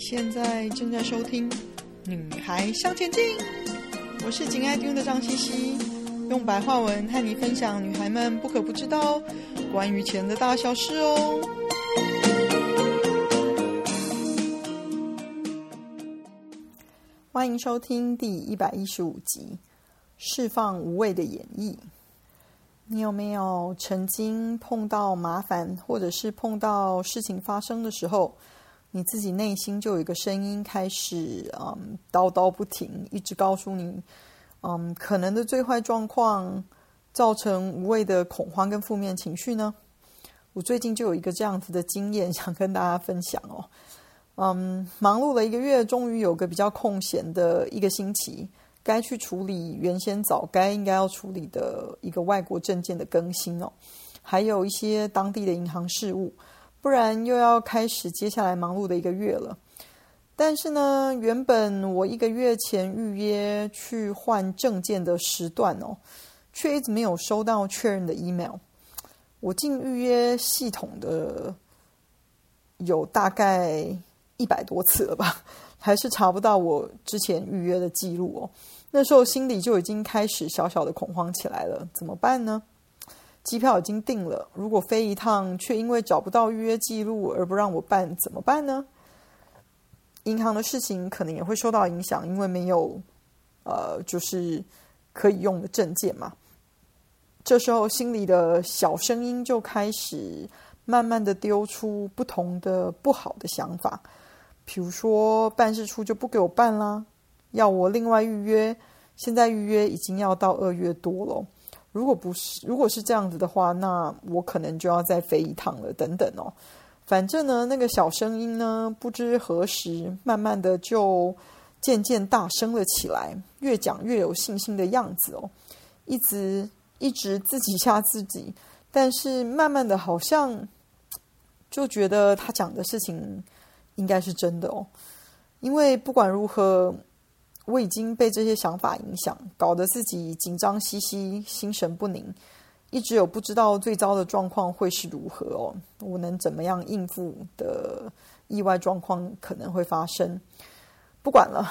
現在正在收聽《女孩向前進》，我是緊愛聽的張茜茜，用白話文和你分享女孩們不可不知道關於錢的大小事哦。歡迎收聽第一百一十五集《釋放無謂的演繹》。你有沒有曾經碰到麻煩，或者是碰到事情發生的時候？你自己內心就有一個聲音開始，嗯，叨叨不停，一直告訴你，嗯，可能的最壞狀況，造成無謂的恐慌跟負面情緒呢。我最近就有一個這樣子的經驗，想跟大家分享哦。嗯，忙碌了一個月，終於有個比較空閒的一個星期，該去處理原先早該應該要處理的一個外國證件的更新哦，還有一些當地的銀行事務。不然又要開始接下來忙碌的一個月了。但是呢，原本我一個月前預約去換證件的時段哦，卻一直沒有收到確認的 email。我進預約系統的有大概一百多次了吧，還是查不到我之前預約的記錄哦。那時候心裡就已經開始小小的恐慌起來了，怎麼辦呢？機票已經定了，如果飛一趟卻因為找不到預約記錄而不讓我辦，怎麼辦呢？銀行的事情可能也會受到影響，因為沒有，呃，就是可以用的證件嘛。這時候心裡的小聲音就開始慢慢的丟出不同的不好的想法，比如說，辦事處就不給我辦啦，要我另外預約，現在預約已經要到二月多了。如果不是，如果是這樣子的話，那我可能就要再飛一趟了。等等哦，反正呢，那個小聲音呢，不知何時慢慢的就漸漸大聲了起來，越講越有信心的樣子哦，一直一直自己嚇自己，但是慢慢的，好像就覺得他講的事情應該是真的哦，因為不管如何。我已經被這些想法影響，搞得自己緊張兮兮，心神不寧，一直有不知道最糟的狀況會是如何哦，我能怎麼樣應付的意外狀況可能會發生。不管了，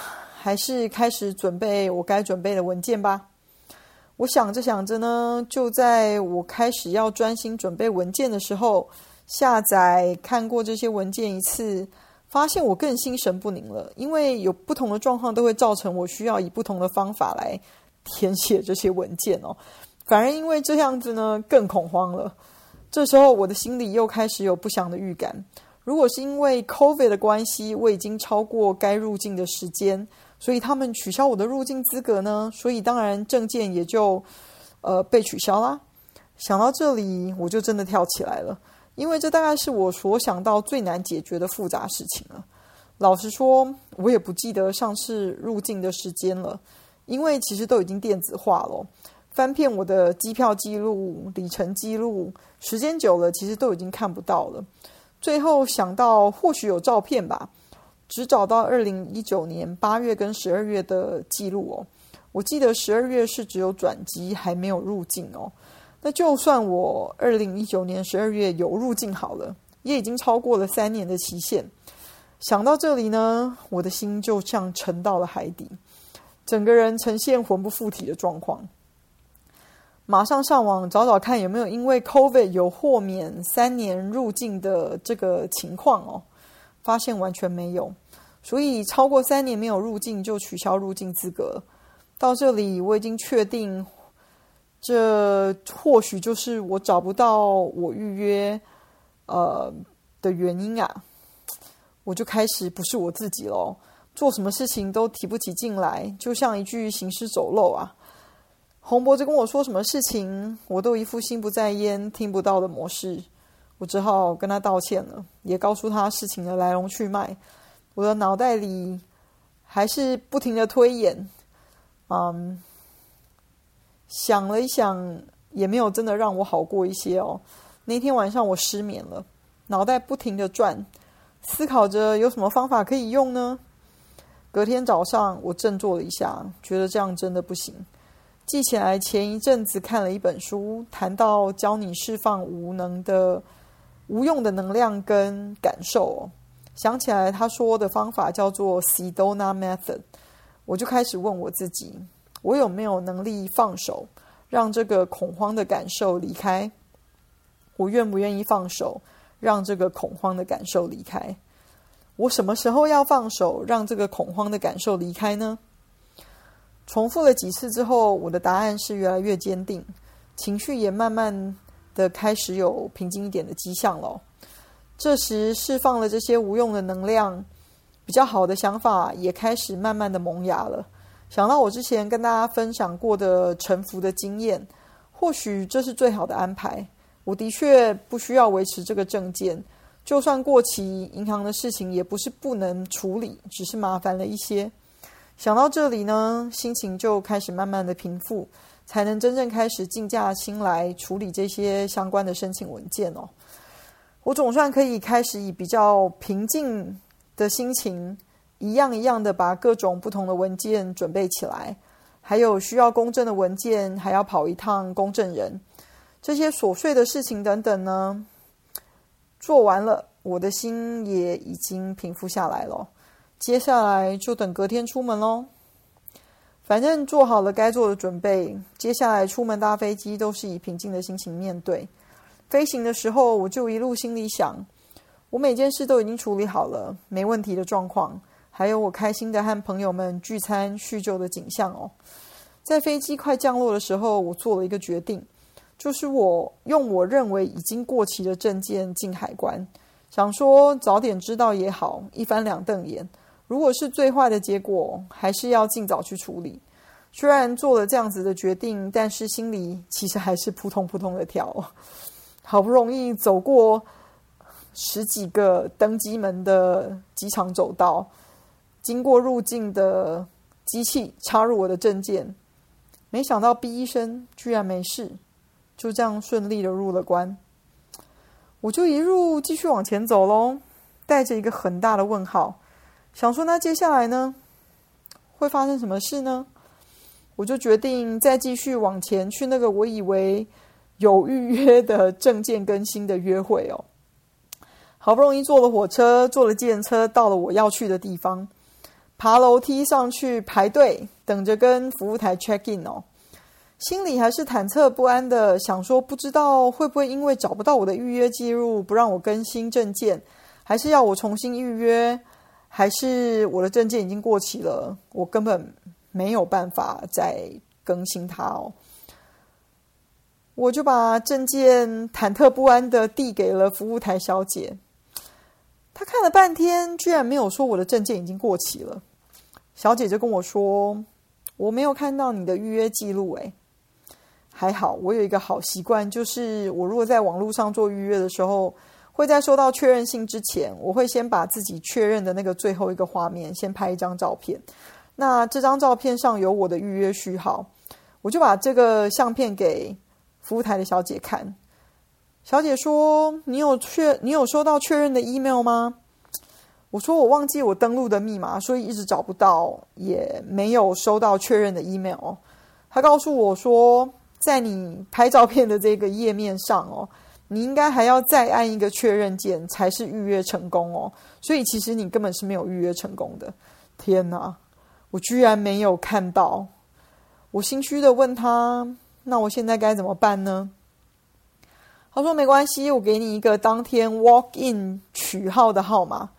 還是開始準備我該準備的文件吧。我想着想着呢，就在我開始要專心準備文件的時候，下載看過這些文件一次。發現我更心神不寧了，因為有不同的狀況都會造成我需要以不同的方法來填寫這些文件哦。反而因為這樣子呢，更恐慌了。這時候我的心裡又開始有不祥的預感。如果是因為 COVID 的關係，我已經超過該入境的時間，所以他們取消我的入境資格呢？所以當然證件也就呃被取消啦。想到這裡，我就真的跳起來了。因為這大概是我所想到最難解決的複雜事情了。老實說，我也不記得上次入境的時間了，因為其實都已經電子化了。翻遍我的機票記錄、里程記錄，時間久了，其實都已經看不到了。最後想到或許有照片吧，只找到二零一九年八月跟十二月的記錄哦。我記得十二月是只有轉機，還沒有入境哦。那就算我二零一九年十二月有入境好了，也已經超過了三年的期限。想到這裡呢，我的心就像沉到了海底，整個人呈現魂不附體的狀況。馬上上網找找看有沒有因為 COVID 有豁免三年入境的這個情況哦，發現完全沒有。所以超過三年沒有入境就取消入境資格。到這裡我已經確定。這或許就是我找不到我預約呃的原因啊。我就開始不是我自己嘍，做什麼事情都提不起勁來，就像一具行屍走肉啊。洪博就跟我說什麼事情，我都一副心不在焉、聽不到的模式，我只好跟他道歉了，也告訴他事情的來龍去脈。我的腦袋裡還是不停的推演，嗯。想了一想，也沒有真的讓我好過一些哦。那天晚上我失眠了，腦袋不停的轉，思考着有什麼方法可以用呢？隔天早上我振作了一下，覺得這樣真的不行。記起來前一陣子看了一本書，談到教你釋放無能的無用的能量跟感受哦。想起來他說的方法叫做 Sedona Method，我就開始問我自己。我有沒有能力放手，讓這個恐慌的感受離開？我願不願意放手，讓這個恐慌的感受離開？我什麼時候要放手，讓這個恐慌的感受離開呢？重複了幾次之後，我的答案是越來越堅定，情緒也慢慢的開始有平靜一點的跡象了。這時，釋放了這些無用的能量，比較好的想法也開始慢慢的萌芽了。想到我之前跟大家分享過的臣服的經驗，或許，這是最好的安排。我的確不需要維持這個證件，就算過期，銀行的事情也不是不能處理，只是麻煩了一些。想到這裡呢，心情就開始慢慢的平復，才能真正開始靜下心來處理這些相關的申請文件哦。我總算可以開始以比較平靜的心情。一樣一樣的把各種不同的文件準備起來，還有需要公證的文件，還要跑一趟公證人，這些瑣碎的事情等等呢。做完了，我的心也已經平復下來了。接下來就等隔天出門嘍。反正做好了該做的準備，接下來出門搭飛機都是以平靜的心情面對。飛行的時候，我就一路心裡想，我每件事都已經處理好了，沒問題的狀況。還有我開心的和朋友們聚餐敘舊的景象哦，在飛機快降落的時候，我做了一個決定，就是我用我認為已經過期的證件進海關，想說早點知道也好，一翻兩瞪眼。如果是最壞的結果，還是要盡早去處理。雖然做了這樣子的決定，但是心裡其實還是撲通撲通的跳。好不容易走過十幾個登機門的機場走道。經過入境的機器，插入我的證件，沒想到 B 醫生居然沒事，就這樣順利的入了關。我就一路繼續往前走嘍，帶着一個很大的問號，想說那接下來呢，會發生什麼事呢？我就決定再繼續往前去那個我以為有預約的證件更新的約會哦。好不容易坐了火車，坐了接車，到了我要去的地方。爬樓梯上去排隊，等着跟服務台 check in 哦，心裡還是忐忑不安的，想說不知道會不會因為找不到我的預約記錄，不讓我更新證件，還是要我重新預約，還是我的證件已經過期了，我根本沒有辦法再更新它哦。我就把證件忐忑不安的遞給了服務台小姐，她看了半天，居然沒有說我的證件已經過期了。小姐就跟我說：“我沒有看到你的預約記錄，欸，哎，還好，我有一個好習慣，就是我如果在網絡上做預約的時候，會在收到確認信之前，我會先把自己確認的那個最後一個畫面先拍一張照片。那這張照片上有我的預約序號，我就把這個相片給服務台的小姐看。小姐說：‘你有確你有收到確認的 email 嗎？’”我說我忘記我登錄的密碼，所以一直找不到，也沒有收到確認的 email。他告訴我說，在你拍照片的這個頁面上哦，你應該還要再按一個確認鍵才是預約成功哦。所以其實你根本是沒有預約成功的。天哪，我居然沒有看到！我心虛的問他：“那我現在該怎麼辦呢？”他說：“沒關係，我給你一個當天 walk in 取號的號碼。”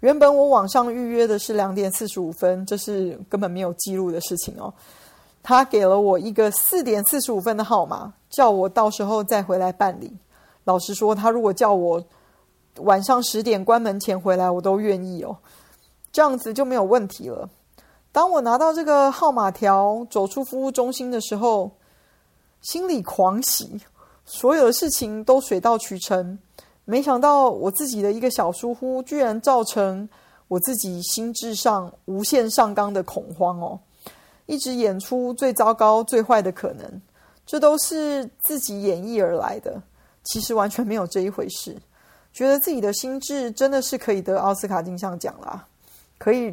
原本我網上預約的是兩點四十五分，這是根本沒有記錄的事情哦。他給了我一個四點四十五分的號碼，叫我到時候再回來辦理。老實說，他如果叫我晚上十點關門前回來，我都願意哦。這樣子就沒有問題了。當我拿到這個號碼條，走出服務中心的時候，心裡狂喜，所有的事情都水到渠成。沒想到我自己的一個小疏忽，居然造成我自己心智上無限上綱的恐慌哦，一直演出最糟糕、最壞的可能，這都是自己演繹而來的。其實完全沒有這一回事，覺得自己的心智真的是可以得奧斯卡金像獎啦啊，可以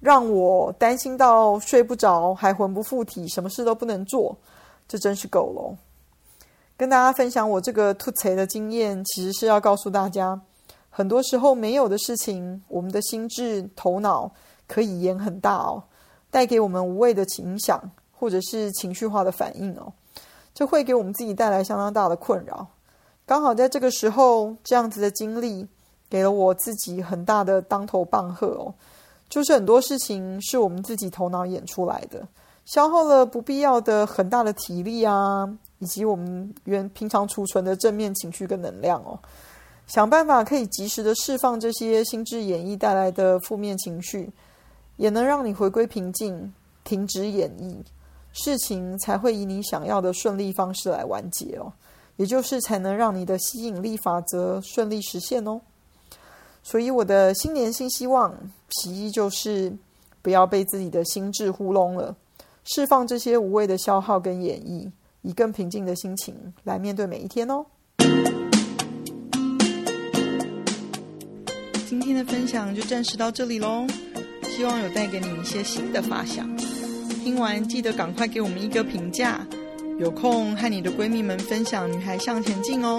讓我擔心到睡不着，還魂不附體，什麼事都不能做，這真是夠了。跟大家分享我這個吐槽的經驗，其實是要告訴大家，很多時候沒有的事情，我們的心智頭腦可以演很大哦，帶給我們無謂的情緒或者是情緒化的反應哦，這會給我們自己帶來相當大的困擾。剛好在這個時候，這樣子的經歷給了我自己很大的當頭棒喝哦，就是很多事情是我們自己頭腦演出來的。消耗了不必要的很大的體力啊，以及我們原平常儲存的正面情緒跟能量哦。想辦法可以及時的釋放這些心智演繹帶來的負面情緒，也能讓你回歸平靜，停止演繹，事情才會以你想要的順利方式來完結哦。也就是才能讓你的吸引力法則順利實現哦。所以我的新年新希望，其一就是不要被自己的心智糊弄了。釋放這些無謂的消耗跟演繹，以更平靜的心情來面對每一天哦。今天的分享就暫時到這裡嘍，希望有帶給你一些新的發想。聽完記得趕快給我們一個評價，有空和你的閨蜜們分享《女孩向錢進》哦。